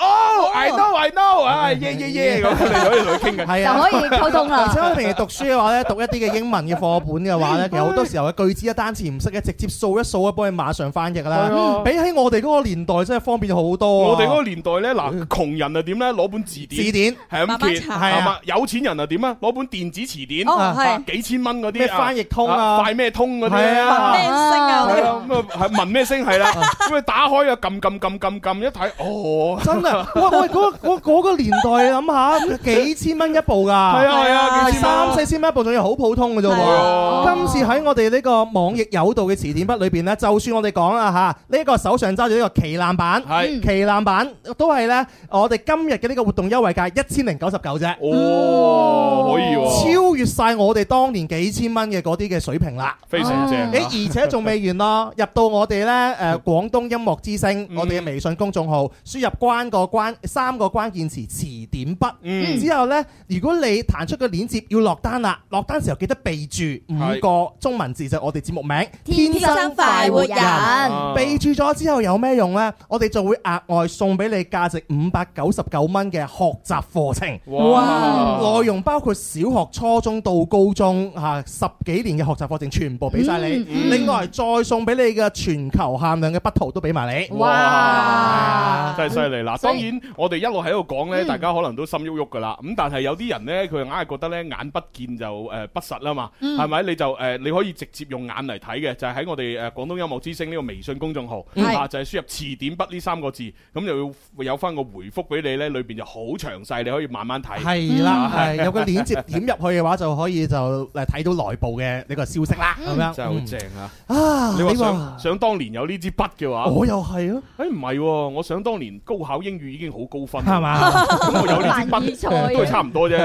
S3: 哦、oh,，I know，I know，哎，耶耶耶咁，佢哋可以同佢傾偈，係啊，就可以溝通啦。而且我平時讀
S4: 書
S5: 嘅話咧，讀一啲嘅英文嘅課本嘅話咧，其實好 多時候嘅句子一單詞唔識嘅，直接掃一掃啊，幫你馬上翻譯啦。啊、比起我哋嗰個年代真係方便咗好多、啊。我哋嗰個
S3: 年代咧，嗱，窮人啊點咧，攞本字典，字典，見慢慢查，係、啊、有錢人啊點啊，攞本電子詞典，哦、oh,，啊、幾千蚊嗰啲，咩翻譯通啊，啊，啊，快咩通嗰啲啊，咩聲啊，啊，啊，啊問聲，係啊，咁啊，問咩聲係啦，咁咪打開啊，撳撳撳撳撳，一睇，哦，真。喂 喂，
S5: 嗰嗰、嗰個嗰個年代，你諗下幾千蚊一部㗎，係啊係啊，啊元三四千蚊一部仲要好普通㗎。啫喎、啊。今次喺我哋呢個網易有道嘅詞典筆裏面呢，就算我哋講啊吓呢個手上揸住呢個旗艦版，旗艦版都係呢。我哋今日嘅呢個活動優惠價一千零九十九啫。可以喎、啊，超越晒我哋當年幾千蚊嘅嗰啲嘅水平啦。非常正、啊，而且仲未完咯，入到我哋呢誒廣東音樂之星 我哋嘅微信公眾號，輸入關。個關三個關鍵詞詞典筆，之後呢，如果你彈出個鏈接要落單啦，落單時候記得備註五個中文字是就係、我哋節目名天《天生快活人》啊，備註咗之後有咩用呢？我哋就會額外送俾你價值五百九十九蚊嘅學習課程，哇！內容包括小學、初中到高中吓，十幾年嘅學習課程全部俾晒你、嗯嗯，另外再送俾你嘅全球限量嘅筆圖都俾埋你，哇！哇
S3: 真係犀利。當然我，我哋一路喺度講呢，大家可能都心喐喐噶啦。咁但係有啲人呢，佢硬係覺得呢眼不見就誒不實啦嘛，係、嗯、咪？你就、呃、你可以直接用眼嚟睇嘅，就係、是、喺我哋誒廣東音樂之聲呢個微信公眾號，嗯嗯、啊就係、是、輸入詞典筆呢三個字，咁就要有翻個回覆俾你呢，裏面就好詳細，你可以慢慢睇。係啦，嗯、 有個鏈接
S5: 點入去嘅話，就可以
S3: 就睇到內部嘅呢個消息啦，係咪？真係好正啊！啊，你話想、啊想，啊、想當年有呢支筆嘅話，我又係咯、啊。唔係喎，我想當年高考。英語已經好高分係嘛？咁、嗯、我有呢支筆都係差唔多啫，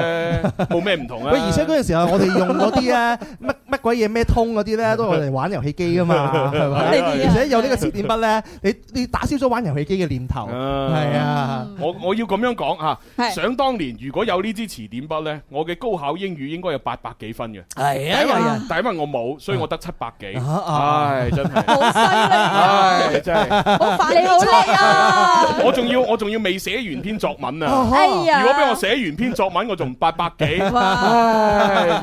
S3: 冇咩唔同啊。喂， 而且嗰
S5: 陣時候我哋用嗰啲啊乜乜鬼嘢咩通嗰啲咧，都係我哋玩遊戲機㗎嘛，係 咪？而且有個呢個詞典筆咧，你你打消咗玩遊戲機嘅念頭，係啊，
S3: 啊。我我要咁樣講啊，想當年如果有這呢支詞典筆咧，我嘅高考英語應該有八百幾分嘅。係、哎、啊，但係因為我冇，所以我得七百幾。唉、哎哎，真係，好、啊哎、真係， 好快，你好叻啊！我仲要。我仲要未寫完篇作文啊！如果俾我寫完篇作文，我仲八百幾，真係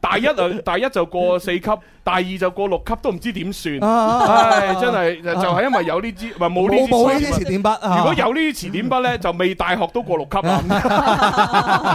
S3: 大一啊！大一就過四級，大二就過六級，都唔知點算，唉，真係就係因為有呢支，唔係冇呢支。冇冇呢啲詞典筆啊！如果有呢啲詞典筆咧，就未大學都過六級啊！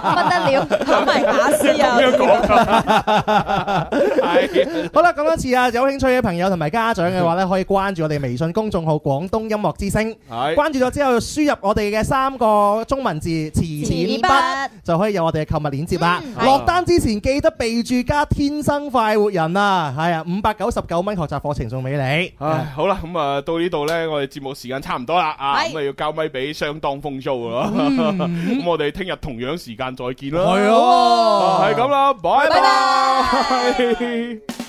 S3: 不得了，咁咪假試啊！咁樣講啊！係
S5: 好啦，咁多次啊，有興趣嘅朋友同埋家長嘅話咧，可以關注我哋微信公眾號《廣東音樂之星》，關注咗之後，輸入我哋嘅三個中文字，錢錢筆，就可以有我哋嘅購物鏈接啦，嗯。落單之前記得備注加天生快活人啊，係啊，五百九十九蚊學習課程送俾你。唉，
S3: 好啦，咁，嗯，啊，到呢度呢，我哋節目時間差唔多啦啊，咁啊要交咪俾相當豐租啦。咁我哋聽日同樣時間再見啦。係，嗯，啊，係咁啦，拜拜。Bye bye bye bye.